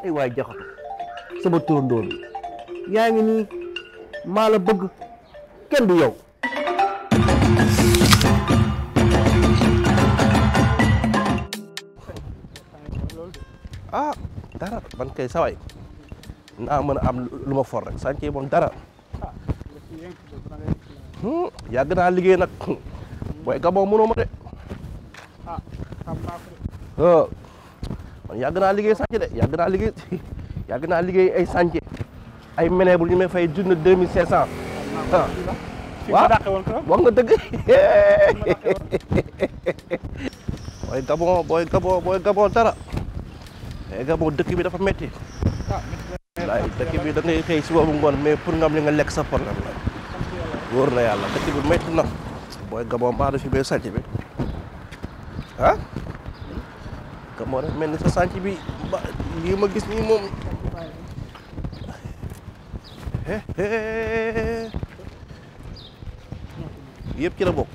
ay waay jaxatu sama turandoo bi yaa ngi nii maa la kenn du yow ah dara man kay saway naa mën am lu ma for rek sànqee moom hmm, naa liggéey nag booy gaboo mënoo ma de ah, man yàgg naa liggéey chantier de yàgg naa liggéey naa liggéey ay chantier ay ménébul ñu may fay junne deux mille cinq cent ah. waaw wax nga dëgg booy gabon booy gabon dara mais eh, gabon dëkk bi dafa metti ah, dëkk bi da xëy si boobu ngoon mais pour nga li nga lekk sa problème la wóor na yàlla dëkk bi metti na booy gabon baa da fi bay bi ah daanaka moo ni sa sànc bi ba lii ma gis nii moom yëpp ci la bokk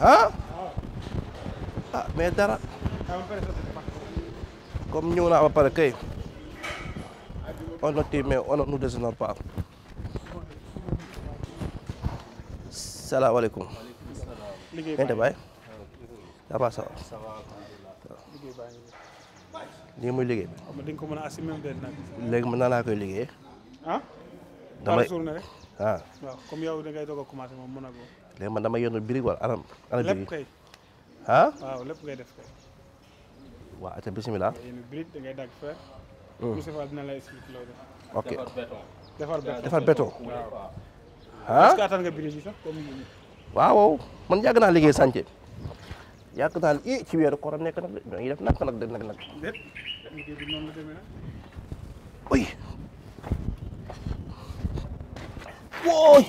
ah ah mais dara comme ñëw naa ba pare kay on ne tue mais on ne nous déshonore pas salaamaaleykum. liggéey ça va ça lii mooy liggéey bi. xam nga dañ ko mën léegi mën naa laa koy liggéey. ah. damay suur na rek. ah waaw comme yow da ngay commencé moom mën a léegi man damay yónn birig wala anam. ana birig lépp ah? waaw lépp ngay def bisimilah. yéen birig da ngay dagg fer. Hmm. ok defar béton. defar ah? waaw. man yàgg naa liggéey sànce. yàq daal i ci weeru koor nekk nag ñoo nag nag de nag nag oy wooy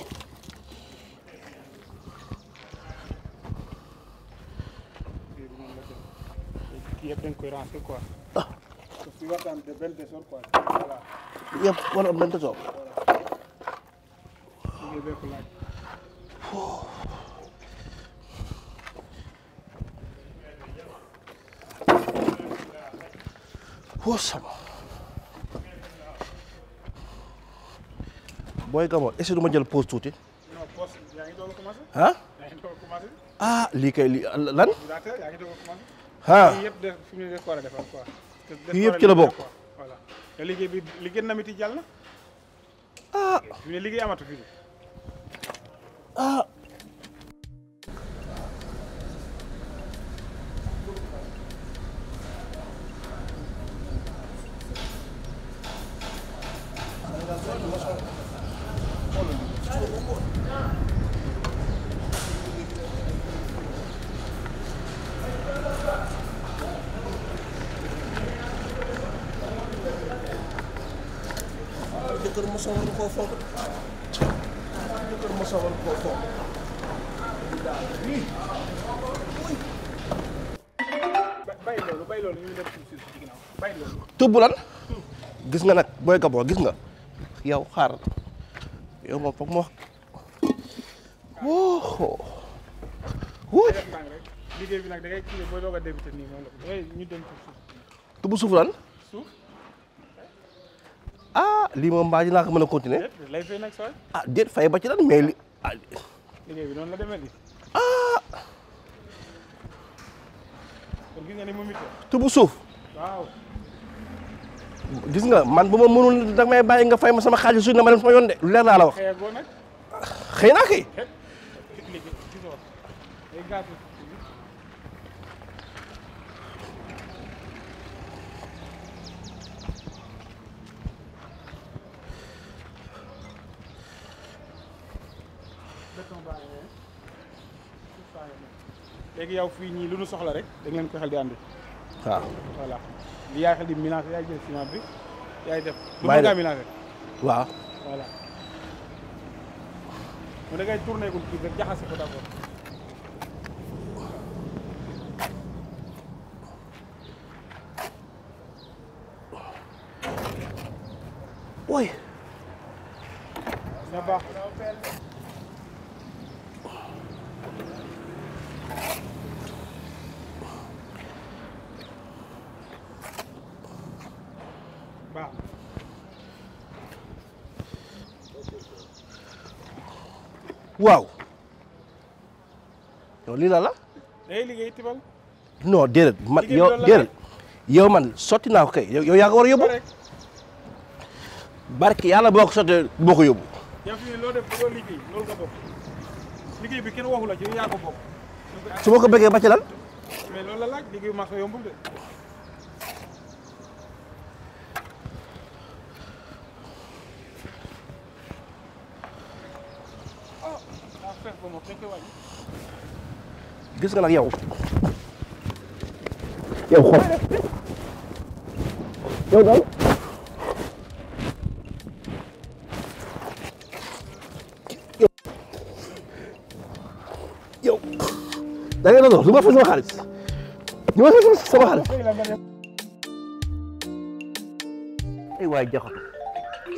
dañ koy ranger Wossama booy Gabon est-ce que du ma jël pause tuuti ah ah lii kay ah, lan ah yii yëpp ci la bokk. te liggéey bi na miti jàll ah ah. jëkkër mosoo war koo fonk gis nga nag booy gaboo gis nga yow xaaral yow moom foog ma wax wóoxoo wóoy liggéey bi nag da ngay kii ah lii moom mbaa dinaa ko mën a continuer. déet lay fay nag ah déet fay ba ci lan mais li ah. liggéey bi noonu la demee nii. ah. ni mu mutuelle. tubu suuf. gis nga man bu ma mënul da bàyyi nga fay ma sama xaalis suuf na ma dem sama yoon de lu leer laa la wax. xëy léegi yow fii ñii lu nu soxla rek da ngeen ko xel di àndi. waaw voilà yaay xel di mélanger yaay jël ciment bi yaay def. maay def lu mélanger. waaw. voilà. mu da ngay tourné kii rek jaxase ko d' waaw yow lii la la. day liggéey tibal. non man yow déedéet sotti naa ko kay yow yaa war a yóbbu. barke yàlla boo ko sottee boo bi kenn waxu la ci yow bokk. su ma ko bëggee ba loolu gis nga nag yow yow xool yow daal yow da ngay doon lu ma fa sama xaalis lu ma fa sama xaalis ay waay jaxatu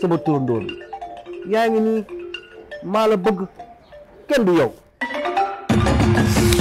sama tóondoon yaa ngi nii maa la bëgg kenn du yow